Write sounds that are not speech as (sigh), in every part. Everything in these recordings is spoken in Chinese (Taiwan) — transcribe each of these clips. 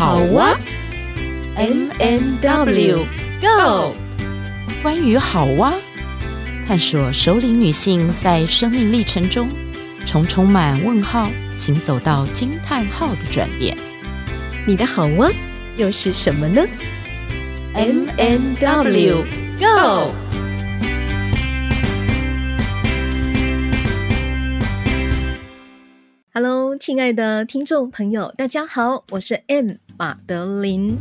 好哇、啊，M&W Go。關於好哇、啊，探索熟齡女性在生命歷程中從充滿問號行走到驚嘆號的轉變。你的好哇、啊、又是什麼呢？M&W Go。哈嘍，親愛的聽眾朋友，大家好，我是 M。馬德琳，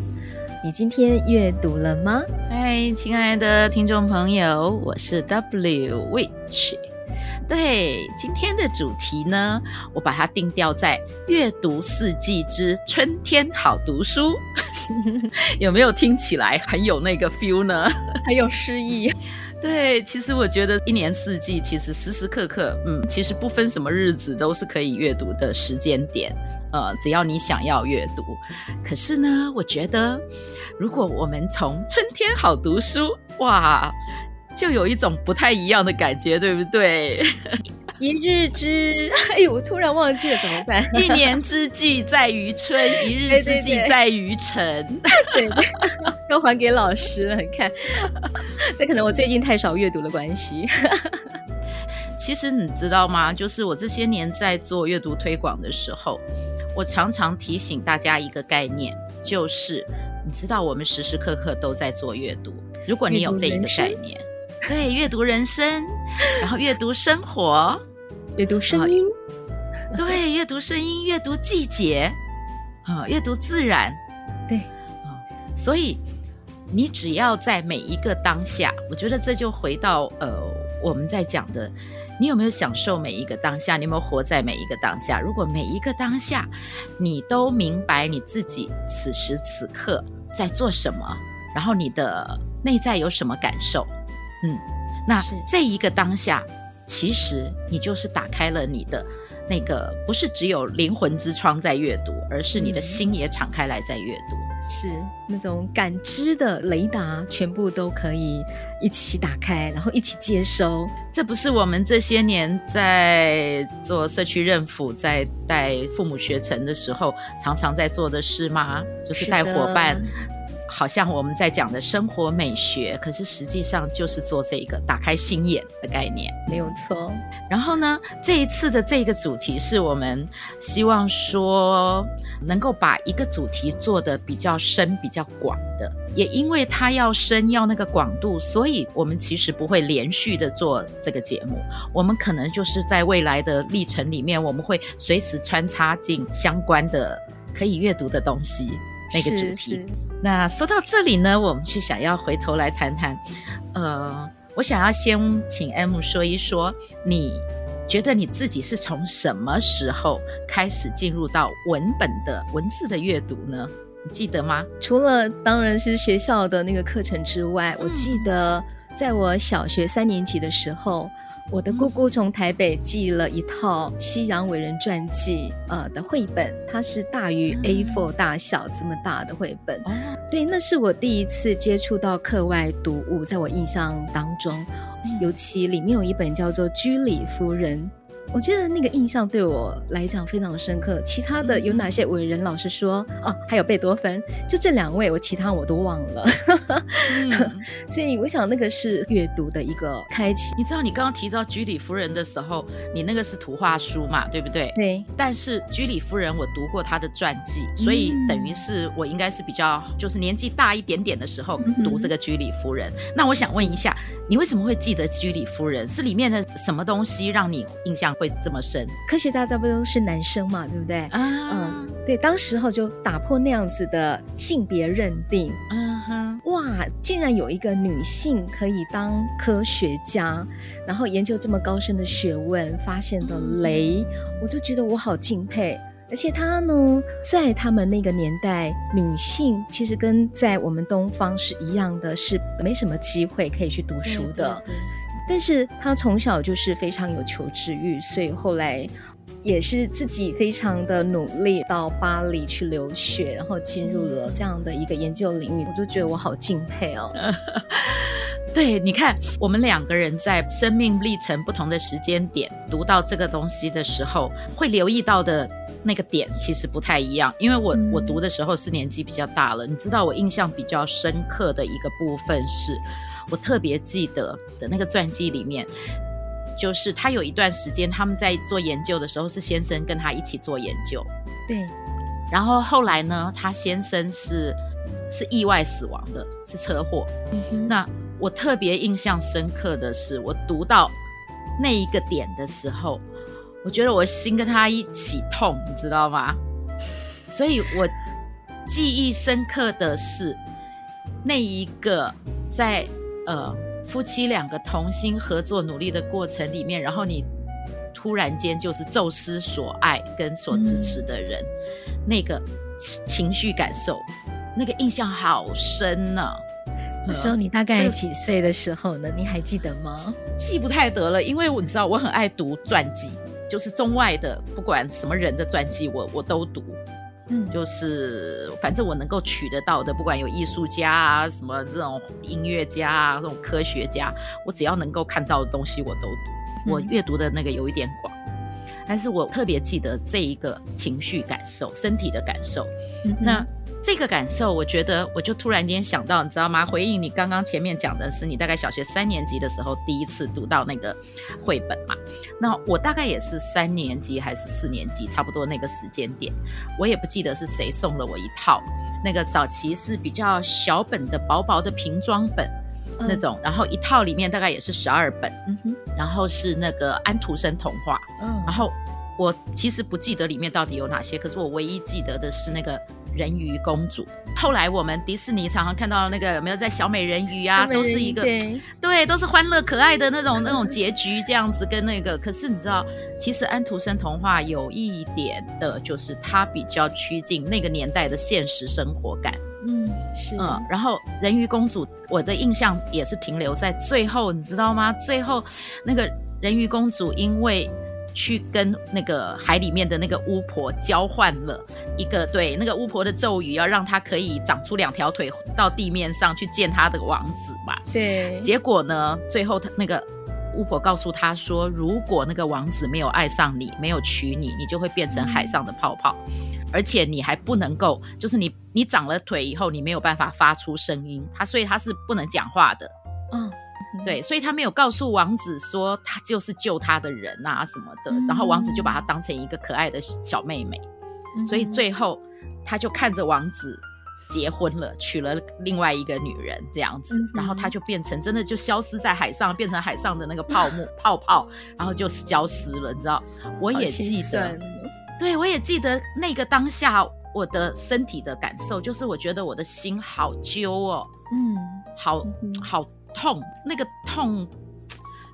你今天閱讀了嗎？嗨，親愛的聽眾朋友，我是 W Witch。對，今天的主題呢，我把它定調在閱讀四季之春天好讀書， (laughs) (laughs) 有沒有聽起來很有那個 feel 呢？很 (laughs) 有詩意。對，其實我覺得一年四季，其實時時刻刻，嗯，其實不分什麼日子，都是可以閱讀的時間點，呃、嗯，只要你想要閱讀。可是呢，我覺得如果我們從春天好讀書，哇，就有一種不太一樣的感覺，對不對？ (laughs) 一日之，哎呦，我突然忘記了怎麼辦？一年之計在於春，一日之計在於晨。 (laughs) 對、對、對，都還給老師了。你看，這可能我最近太少閱讀的關係。 (laughs) 其實你知道嗎？就是我這些年在做閱讀推廣的時候，我常常提醒大家一個概念，就是你知道我們時時刻刻都在做閱讀。如果你有這一個概念，對，閱讀人生， (laughs) 然後閱讀生活。閱讀聲音、啊，對，閱讀聲音，閱讀季節，啊，閱讀自然，對，啊，所以你只要在每一個當下，我覺得這就回到呃我們在講的，你有沒有享受每一個當下？你有沒有活在每一個當下？如果每一個當下你都明白你自己此時此刻在做什麼，然後你的內在有什麼感受，嗯，那這一個當下。其實你就是打開了你的那個，不是只有靈魂之窗在閱讀，而是你的心也敞開來在閱讀，嗯、是那種感知的雷達，全部都可以一起打開，然後一起接收。這不是我們這些年在做社區認輔，在帶父母學程的時候，常常在做的事嗎？就是帶夥伴。好像我們在講的生活美學，可是實際上就是做這個打開心眼的概念，沒有錯。然後呢，這一次的這個主題是我們希望說能夠把一個主題做得比較深，比較廣的。也因為它要深，要那個廣度，所以我們其實不會連續的做這個節目。我們可能就是在未來的歷程裡面，我們會隨時穿插進相關的可以閱讀的東西。那個主題，那說到這裡呢，我們是想要回頭來談談，呃，我想要先請 M 說一說，你覺得你自己是從什麼時候開始進入到文本的文字的閱讀呢？你記得嗎？除了當然是學校的那個課程之外，嗯，我記得在我小學三年級的時候。我的姑姑從台北寄了一套《西洋偉人傳記》呃的繪本，它是大於 A4 大小這麼大的繪本。對，那是我第一次接觸到課外讀物，在我印象當中，尤其裡面有一本叫做《居里夫人》。我覺得那個印象對我來講非常深刻。其他的有哪些偉人老師說？嗯、哦，還有貝多芬，就這兩位，我其他我都忘了。嗯、 (laughs) 所以我想那個是閱讀的一個開啟。你知道你剛剛提到居里夫人的時候，你那個是圖畫書嘛，對不對？對。但是居里夫人我讀過她的傳記、嗯，所以等於是我應該是比較就是年紀大一點點的時候讀這個居里夫人嗯嗯。那我想問一下，你為什麼會記得居里夫人？是裡面的什麼東西讓你印象會這麼深？科學家大部分都是男生嘛，對不對？啊，嗯，對，當時候就打破那樣子的性別認定。啊哈，哇，竟然有一個女性可以當科學家，然後研究這麼高深的學問，發現了鐳、嗯，我就覺得我好敬佩。而且她呢，在她們那個年代，女性其實跟在我們東方是一樣的，是沒什麼機會可以去讀書的。但是他從小就是非常有求知欲，所以後來也是自己非常的努力，到巴黎去留學，然後進入了這樣的一個研究領域。我就覺得我好敬佩哦。 (laughs) 對，你看，我們兩個人在生命歷程不同的時間點讀到這個東西的時候，會留意到的那個點其實不太一樣。因為我、嗯、我讀的時候是年紀比較大了，你知道，我印象比較深刻的一個部分是。我特別記得的那個傳記裡面，就是他有一段時間他們在做研究的時候，是先生跟他一起做研究。對。然後後來呢，他先生是是意外死亡的，是車禍。嗯哼。那我特別印象深刻的是，我讀到那一個點的時候，我覺得我心跟他一起痛，你知道嗎？ (laughs) 所以我記憶深刻的是那一個在。呃，夫妻兩個同心合作努力的過程裡面，然後你突然間就是驟失所愛跟所支持的人，嗯、那個情緒感受，那個印象好深呢、啊呃。那時候你大概幾歲的時候呢？你還記得嗎？記不太得了，因為你知道我很愛讀傳記，就是中外的，不管什麼人的傳記我，我我都讀。嗯，就是反正我能夠取得到的，不管有藝術家啊，什麼這種音樂家啊，這種科學家，我只要能夠看到的東西我都讀。我閱讀的那個有一點廣，嗯、但是我特別記得這一個情緒感受、身體的感受，嗯哼、那。這個感受，我覺得我就突然間想到，你知道嗎？回應你剛剛前面講的是，你大概小學三年級的時候第一次讀到那個繪本嘛？那我大概也是三年級還是四年級，差不多那個時間點，我也不記得是誰送了我一套，那個早期是比較小本的、薄薄的平裝本那種，然後一套裡面大概也是十二本，嗯哼，然後是那個安徒生童話，嗯，然後我其實不記得裡面到底有哪些，可是我唯一記得的是那個。人魚公主，後來我們迪士尼常常看到那個有沒有在小美人魚啊，小美人魚都是一個對，對，都是歡樂可愛的那種那種結局這樣子，跟那個 (laughs) 可是你知道，其實安徒生童話有一點的就是它比較趨近那個年代的現實生活感，嗯是嗯，然後人魚公主我的印象也是停留在最後，你知道嗎？最後那個人魚公主因為。去跟那個海裡面的那個巫婆交換了一個，對那個巫婆的咒語，要讓她可以長出兩條腿到地面上去見她的王子嘛。對。結果呢，最後她那個巫婆告訴她說，如果那個王子沒有愛上你，沒有娶你，你就會變成海上的泡泡，嗯、而且你還不能夠，就是你你長了腿以後，你沒有辦法發出聲音，她所以她是不能講話的。嗯。嗯、對，所以他沒有告訴王子說他就是救他的人啊什麼的，嗯、然後王子就把他當成一個可愛的小妹妹，嗯，所以最後他就看着王子結婚了，娶了另外一個女人這樣子，嗯嗯，然後他就變成真的就消失在海上，變成海上的那個泡沫，嗯、泡泡，然後就消失了，嗯、你知道？我也記得，對我也記得那個當下我的身體的感受，嗯，就是我覺得我的心好揪哦，嗯，好嗯好。痛，那個痛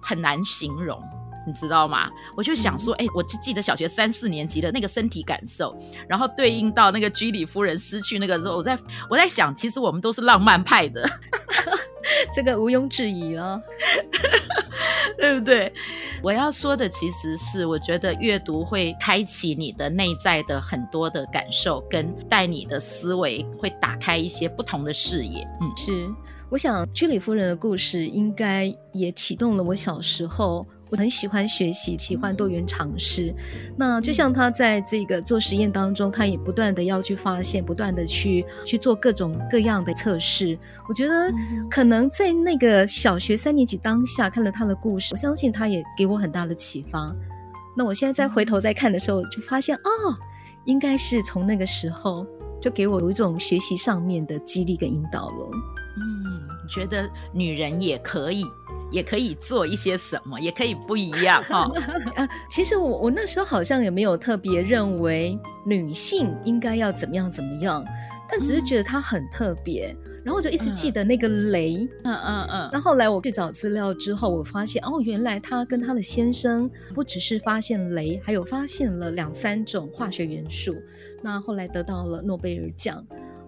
很難形容，你知道嗎？我就想說，哎、嗯欸，我就記得小學三四年級的那個身體感受，然後對應到那個居里夫人失去那個時候，我在我在想，其實我們都是浪漫派的， (laughs) 這個毋庸置疑哦。 (laughs) 對不對？我要說的其實是，我覺得閱讀會開啟你的內在的很多的感受，跟帶你的思維會打開一些不同的視野。嗯，是。我想居里夫人的故事應該也啟動了我小時候，我很喜歡學習，喜歡多元嘗試。那就像他在這個做實驗當中，他也不斷的要去發現，不斷的去去做各種各樣的測試。我覺得可能在那個小學三年級當下看了他的故事，我相信他也給我很大的啟發。那我現在再回頭再看的時候，就發現哦，應該是從那個時候就給我有一種學習上面的激勵跟引導了。覺得女人也可以，也可以做一些什麼，也可以不一樣哈、哦 (laughs) 啊。其實我我那時候好像也沒有特別認為女性應該要怎麼樣怎麼樣，但只是覺得她很特別，嗯、然後就一直記得那個鐳。嗯嗯嗯。那、嗯嗯嗯、後來我去找資料之後，我發現哦，原來她跟她的先生不只是發現鐳，還有發現了兩三種化學元素，嗯、那後來得到了諾貝爾獎。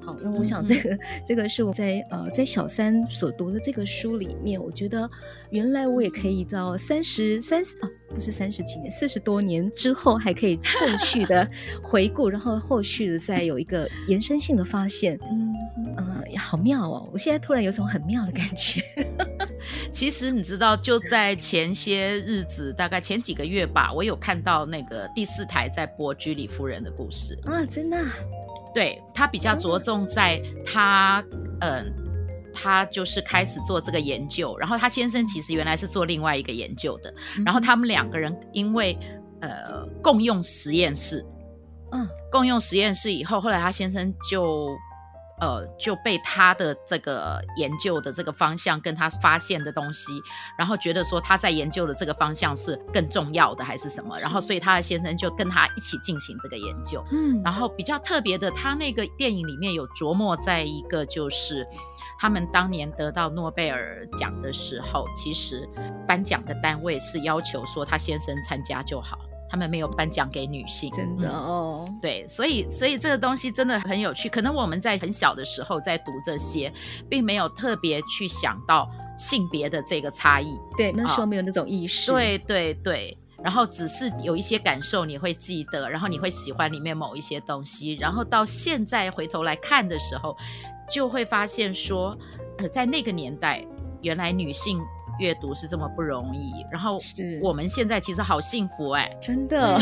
哦、那我想這個嗯嗯這個是我在呃在小三所讀的這個書裡面，我覺得原來我也可以到三十、三十啊不是三十幾年四十多年之後還可以後續的回顧， (laughs) 然後後續的再有一個延伸性的發現。 (laughs) 嗯嗯、呃，好妙哦！我現在突然有種很妙的感覺。 (laughs) 其實你知道，就在前些日子， (laughs) 大概前幾個月吧，我有看到那個第四台在播居里夫人的故事。啊，真的、啊。對，他比較着重在他，嗯、呃，他就是開始做這個研究，然後他先生其實原來是做另外一個研究的，然後他們兩個人因為呃共用實驗室，嗯，共用實驗室以後，後來他先生就。呃，就被他的這個研究的這個方向跟他發現的東西，然後覺得說他在研究的這個方向是更重要的還是什麼，然後所以他的先生就跟他一起進行這個研究。嗯，然後比較特別的，他那個電影裡面有著墨在一個就是他們當年得到諾貝爾獎的時候，其實頒獎的單位是要求說他先生參加就好。他們沒有頒獎給女性，真的哦。嗯，對，所以所以這個東西真的很有趣。可能我們在很小的時候在讀這些，並沒有特別去想到性別的這個差異。對，那時候沒有那種意識。哦，對對對，然後只是有一些感受，你會記得，然後你會喜歡裡面某一些東西，然後到現在回頭來看的時候，就會發現說，呃，在那個年代，原來女性閱讀是這麼不容易，然後是我們現在其實好幸福哎、欸，真的.。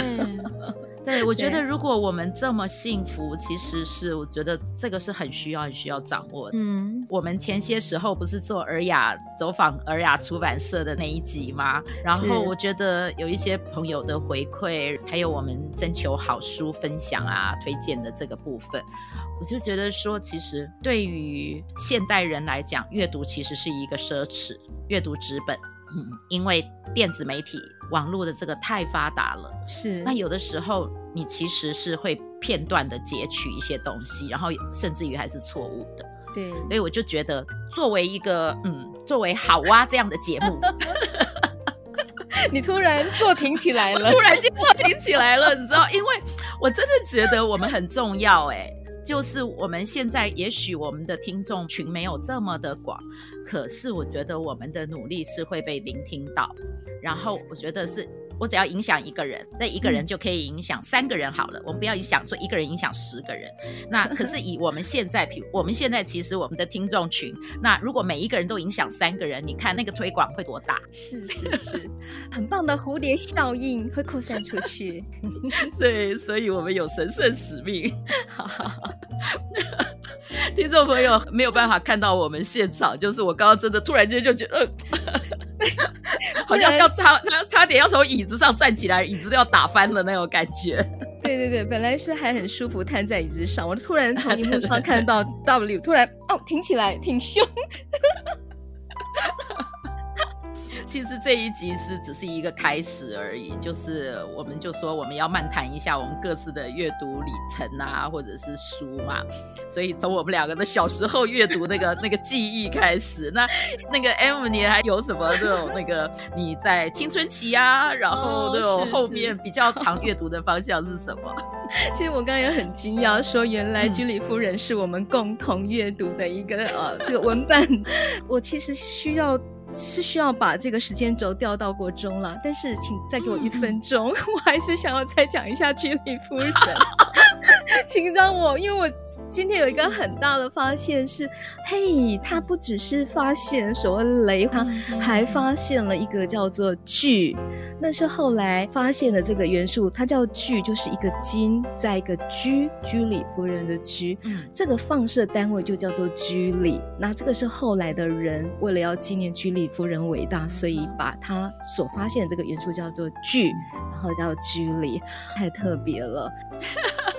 (laughs) 對，我覺得如果我們這麼幸福，其實是我覺得這個是很需要、很需要掌握的。嗯，我們前些時候不是做爾雅走訪爾雅出版社的那一集嗎？然後我覺得有一些朋友的回饋，還有我們徵求好書分享啊、推薦的這個部分，我就覺得說，其實對於現代人來講，閱讀其實是一個奢侈，閱讀紙本。嗯，因為電子媒體網絡的這個太發達了，是，那有的時候你其實是會片段的截取一些東西，然後甚至於還是錯誤的。對，所以我就覺得作為一個嗯，作為好哇這樣的節目， (laughs) 你突然坐挺起來了， (laughs) 突然就坐挺起來了， (laughs) 你知道？因為我真的覺得我們很重要，欸，哎。就是我們現在也許我們的聽眾群沒有這麼的廣，可是我覺得我們的努力是會被聆聽到，然後我覺得是。我只要影響一個人，那一個人就可以影響三個人。好了，我們不要影響說一個人影響十個人。那可是以我們現在，比如我們現在其實我們的聽眾群，那如果每一個人都影響三個人，你看那個推廣會多大？是是是，很棒的蝴蝶效應會擴散出去。 (laughs) 對，所以我們有神聖使命。哈 (laughs) 聽眾朋友沒有辦法看到我們現場，就是我剛剛真的突然間就覺得。呃 (laughs) (laughs) 好像要差，差差點要從椅子上站起來，椅子都要打翻了那種感覺。對對對，本來是還很舒服，癱在椅子上，我突然從螢幕上看到 W， (laughs) 對對對突然哦，挺起來，挺胸。其實這一集是只是一個開始而已，就是我們就說我們要漫談一下我們各自的閱讀歷程啊，或者是書嘛。所以從我們兩個的小時候閱讀那個 (laughs) 那個記憶開始，那那個 M，你還有什麼這種那個你在青春期啊， (laughs) 然後那種後面比較常閱讀的方向是什麼？哦是是哦？其實我剛剛也很驚訝，說原來《居里夫人》是我們共同閱讀的一個呃、嗯哦、這個文本。 (laughs) 我其實需要。是需要把這個時間軸調到過中了，但是請再給我一分鐘，嗯、 (laughs) 我還是想要再講一下《居里夫人。》 (laughs) 請 (laughs) 讓我，因為我今天有一個很大的發現是，嘿，他不只是發現所謂鐳，他還發現了一個叫做鋦，那是後來發現的這個元素，它叫鋦，就是一個金在一個居，居里夫人的居，這個放射單位就叫做居里。那這個是後來的人為了要紀念居里夫人偉大，所以把他所發現的這個元素叫做鋦，然後叫居里，太特別了。 (laughs)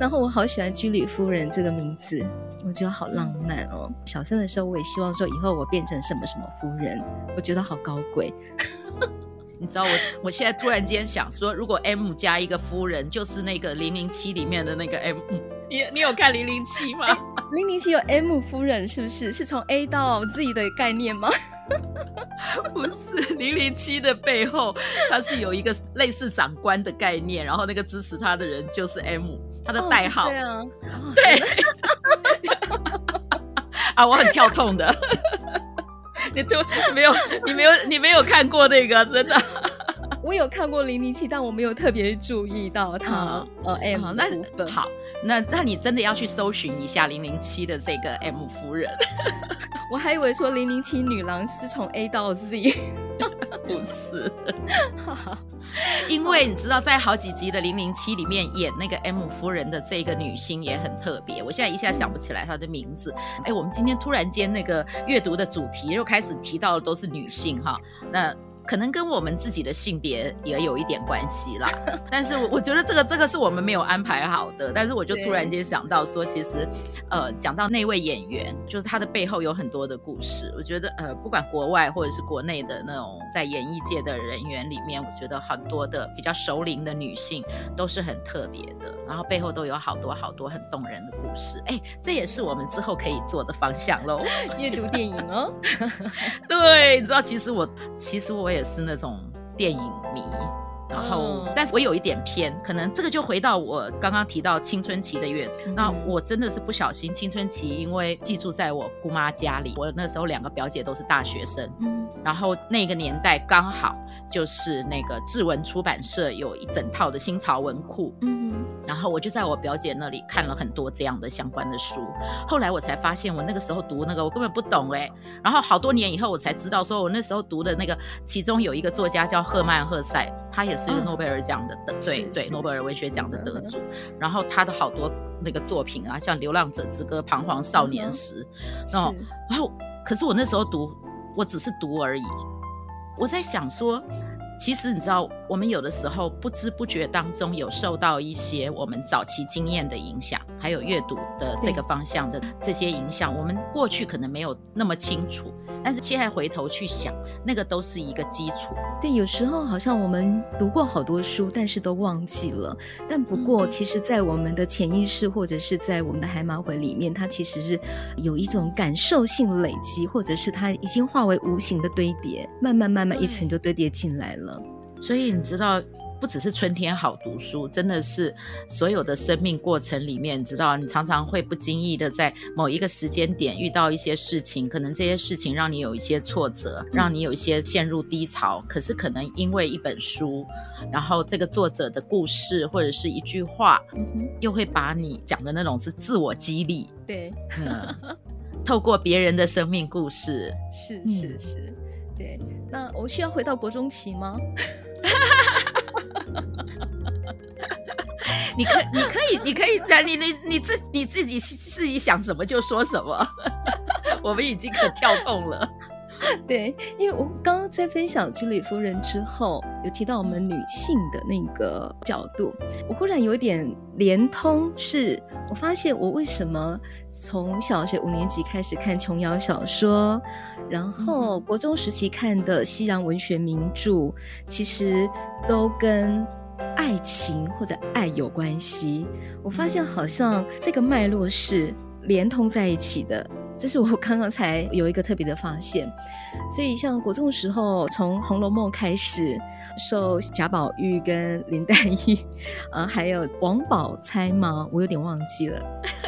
然後我好喜歡居里夫人這個名字，我覺得好浪漫哦。小三的時候，我也希望說以後我變成什麼什麼夫人，我覺得好高貴。 (laughs) 你知道我，我現在突然間想說，如果 M 加一個夫人，就是那個零零七裡面的那個 M。 (laughs) 你你有看零零七嗎？零零七有 M 夫人是不是？是從 A 到 Z 的概念嗎？ (laughs) 不是零零七的背後，他是有一個類似長官的概念，然後那個支持他的人就是 M，他的代號。對、哦、啊、哦，對。 (laughs) (laughs) 啊，我很跳痛的。 (laughs) 你就沒有？你沒有？你沒有看過那個？真的？ (laughs) 我有看過零零七，但我沒有特別注意到他。哦、啊嗯嗯欸、好，那好。那，那你真的要去搜尋一下《零零七》的這個 M 夫人， (laughs) 我還以為說《零零七女郎》是從 A 到 Z， (laughs) 不是， (laughs) (laughs) (laughs) 因為你知道，在好幾集的《零零七》裡面演那個 M 夫人的這個女星也很特別，我現在一下想不起來她的名字。哎、欸，我們今天突然間那個閱讀的主題又開始提到的都是女性哈，那。可能跟我們自己的性別也有一點關係啦， (laughs) 但是我覺得這個這個是我們沒有安排好的。 (laughs) 但是我就突然間想到說，其實，呃，講到那位演員，就是他的背後有很多的故事。我覺得，呃，不管國外或者是國內的那種在演藝界的人員裡面，我覺得很多的比較熟齡的女性都是很特別的，然後背後都有好多好多很動人的故事。哎、欸，這也是我們之後可以做的方向嘍，閱 (laughs) 讀電影哦。 (laughs) 對，你知道其，其實我其實我也。也是那種電影迷。然後、哦，但是我有一點偏，可能這個就回到我剛剛提到青春期的閱讀、嗯。那我真的是不小心，青春期因為寄住在我姑媽家裡，我那時候兩個表姐都是大學生，嗯，然後那個年代剛好就是那個志文出版社有一整套的新潮文庫，嗯，然後我就在我表姐那裡看了很多這樣的相關的書。後來我才發現，我那個時候讀那個我根本不懂哎、欸，然後好多年以後我才知道，說我那時候讀的那個，其中有一個作家叫赫曼·赫塞，他也。是諾貝爾獎的得、啊，對對，諾貝爾文學獎的得主。然後他的好多那個作品啊，像《流浪者之歌》《彷徨少年時》嗯，哦、嗯，然後可是我那時候讀，我只是讀而已。我在想說，其實你知道，我們有的時候不知不覺當中有受到一些我們早期經驗的影響。還有閱讀的這個方向的這些影響，我們過去可能沒有那麼清楚，但是現在回頭去想，那個都是一個基礎。對，有時候好像我們讀過好多書，但是都忘記了。但不過，嗯、其實，在我們的潛意識或者是在我們的海馬回裡面，它其實是有一種感受性累積，或者是它已經化為無形的堆疊，慢慢慢慢一層就堆疊進來了。嗯、所以你知道、嗯。不只是春天好讀書，真的是所有的生命過程裡面，你知道你常常會不經意的在某一個時間點遇到一些事情，可能這些事情讓你有一些挫折，讓你有一些陷入低潮。嗯、可是可能因為一本書，然後這個作者的故事或者是一句話，又會把你講的那種是自我激勵。對，嗯、 (laughs) 透過別人的生命故事，是是是。是嗯是對，那我需要回到國中期嗎？ (laughs) 你可，你可以，你可以，你你你你自你自己你自己想什麼就說什麼， (laughs) 我們已經很跳痛了。 (laughs) 對，因為我剛剛在分享居里夫人之後，有提到我們女性的那個角度，我忽然有點連通，是我發現我為什麼。從小學五年級開始看瓊瑤小說，然後國中時期看的西洋文學名著，其實都跟愛情或者愛有關係。我發現好像這個脈絡是連通在一起的。這是我剛剛才有一個特別的發現，所以像國中的時候，從《紅樓夢》開始，受賈寶玉跟林黛玉，呃，還有王寶釵嗎？我有點忘記了，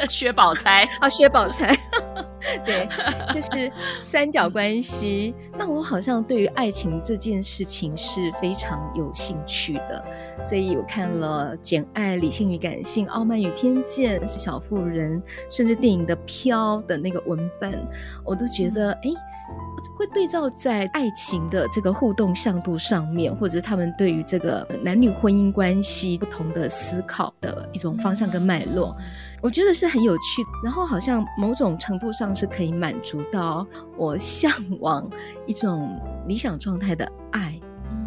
薛寶釵啊，薛寶釵， (laughs) 對，就是三角關係。那 (laughs) 我好像對於愛情這件事情是非常有興趣的，所以我看了《簡愛》、《理性與感性》、《傲慢與偏見》、是《小婦人》，甚至電影的《飄》的那個文。但我都覺得，哎，會對照在愛情的這個互動向度上面，或者他們對於這個男女婚姻關係不同的思考的一種方向跟脈絡，我覺得是很有趣。然後，好像某種程度上是可以滿足到我嚮往一種理想狀態的愛。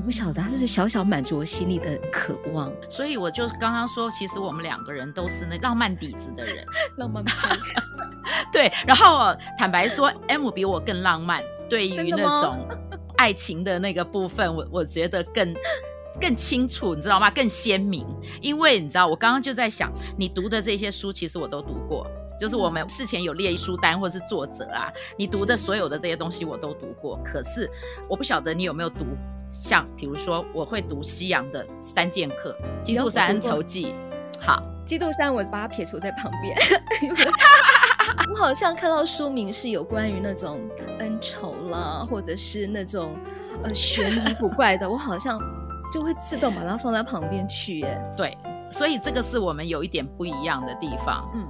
我曉得，他是小小滿足我心裡的渴望，所以我就剛剛說，其實我們兩個人都是那浪漫底子的人， (laughs) 浪漫拍子。 (laughs) 對，然後坦白說，M 比我更浪漫，對於那種愛情的那個部分，我我覺得更。更清楚，你知道嗎？更鮮明，因為你知道，我剛剛就在想，你讀的這些書其實我都讀過，就是我們事前有列一書單或是作者啊，你讀的所有的這些東西我都讀過。可是我不曉得你有沒有讀，像比如說，我會讀西洋的三件《三劍客》《基督山恩仇記》。好，《基督山》我把它撇除在旁邊。 (laughs) (laughs) (laughs) 我好像看到書名是有關於那種恩仇啦，或者是那種呃懸疑古怪的，我好像。就會自動把它放在旁邊去耶、欸。對，所以這個是我們有一點不一樣的地方。嗯，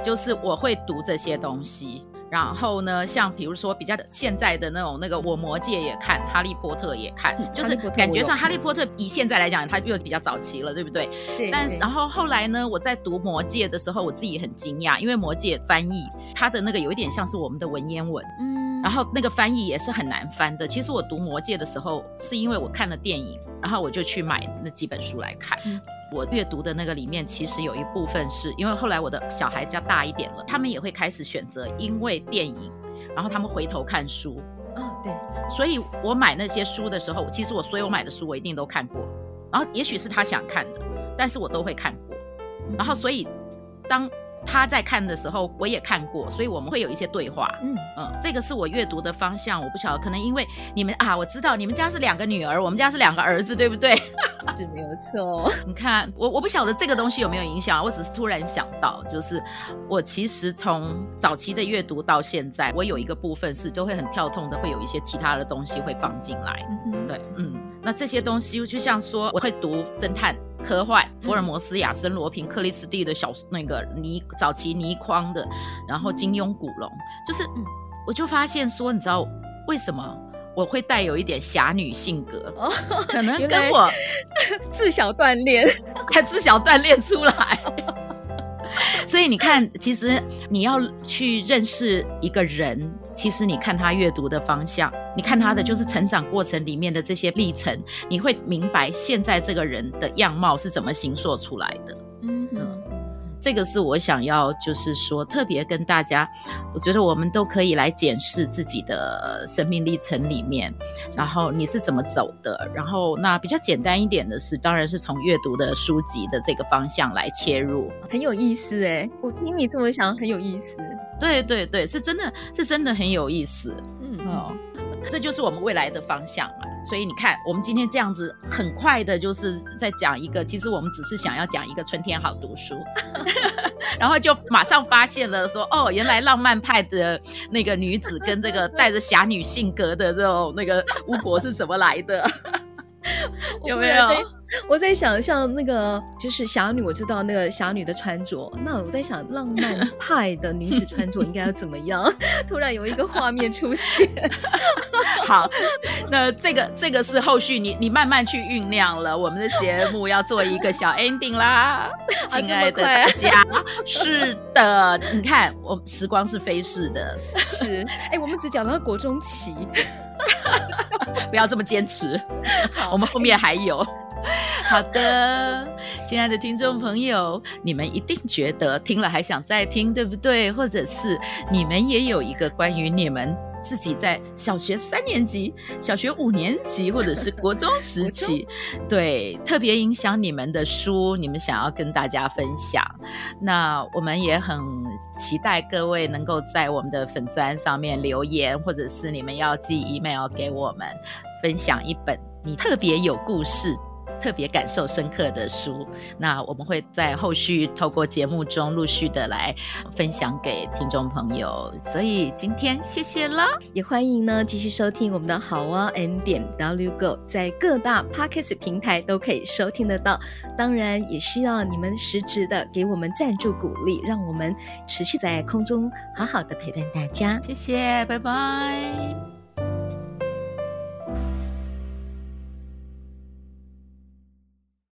就是我會讀這些東西，嗯、然後呢，像比如說比較現在的那種那個，我魔戒也看，哈利波特也看，我有看，就是感覺上哈利波特以現在來講，它又比較早期了，對不對？對。對，但是然後後來呢，我在讀魔戒的時候，我自己很驚訝，因為魔戒翻譯它的那個有一點像是我們的文言文。嗯。然後那個翻譯也是很難翻的。其實我讀《魔戒》的時候，是因為我看了電影，然後我就去買那幾本書來看。嗯、我閱讀的那個裡面，其實有一部分是因為後來我的小孩比較大一點了，他們也會開始選擇，因為電影，然後他們回頭看書。嗯、哦，對。所以我買那些書的時候，其實我所有買的書我一定都看過。然後也許是他想看的，但是我都會看過。嗯、然後所以當。他在看的時候，我也看過，所以我們會有一些對話。嗯嗯，這個是我閱讀的方向，我不曉得，可能因為你們啊，我知道你們家是兩個女兒，我們家是兩個兒子，對不對？是 (laughs) 沒有錯。你看，我我不曉得這個東西有沒有影響，我只是突然想到，就是我其實從早期的閱讀到現在，我有一個部分是就會很跳痛的，會有一些其他的東西會放進來。嗯，對，嗯，那這些東西就像說，我會讀偵探。科幻、福、嗯、爾摩斯、亞森、羅平、克里斯蒂的小那個倪早期倪匡的，然後金庸、古龍，就是，我就發現說，你知道為什麼我會帶有一點俠女性格？哦、可能跟我自小鍛鍊，自小鍛鍊出來。 (laughs) 所以你看，其實你要去認識一個人，其實你看他閱讀的方向，你看他的就是成長過程裡面的這些歷程，你會明白現在這個人的樣貌是怎麼形塑出來的。這個是我想要，就是說特別跟大家，我覺得我們都可以來檢視自己的生命歷程裡面，然後你是怎麼走的？然後那比較簡單一點的是，當然是從閱讀的書籍的這個方向來切入，很有意思誒，我聽你這麼想很有意思。對對對，是真的，是真的很有意思，嗯，哦，這就是我們未來的方向嘛。所以你看，我們今天這樣子很快的，就是在講一個，其實我們只是想要講一個春天好讀書， (laughs) (laughs) 然後就馬上發現了說，哦，原來浪漫派的那個女子跟這個帶着俠女性格的這種那個巫婆是怎麼來的， (laughs) 有沒有？我在想，像那個就是俠女，我知道那個俠女的穿着。那我在想，浪漫派的女子穿着應該要怎麼樣？ (laughs) 突然有一個畫面出現。 (laughs) (laughs) 好，那這個這個是後續你，你你慢慢去醞釀了。我們的節目要做一個小 ending 啦，親、 (laughs) 啊、愛的大家、啊啊。是的，你看，我時光是飛逝的。 (laughs) 是，哎、欸，我們只講到國中期， (laughs) (laughs) 不要這麼堅持。好，我們後面還有。欸 (laughs) (laughs) 好的，親愛的聽眾朋友，你們一定覺得聽了還想再聽，對不對？或者是你們也有一個關於你們自己在小學三年級、小學五年級，或者是國中時期， (laughs) 對特別影響你們的書，你們想要跟大家分享。那我們也很期待各位能夠在我們的粉專上面留言，或者是你們要寄 email 給我們，分享一本你特別有故事。特別感受深刻的書，那我們會在後續透過節目中陸續的來分享給聽眾朋友。所以今天謝謝了，也歡迎呢繼續收聽我們的好哇 M 點 W Go，在各大 Podcast 平台都可以收聽得到。當然也需要你們實質的給我們贊助鼓勵，讓我們持續在空中好好的陪伴大家。謝謝，拜拜。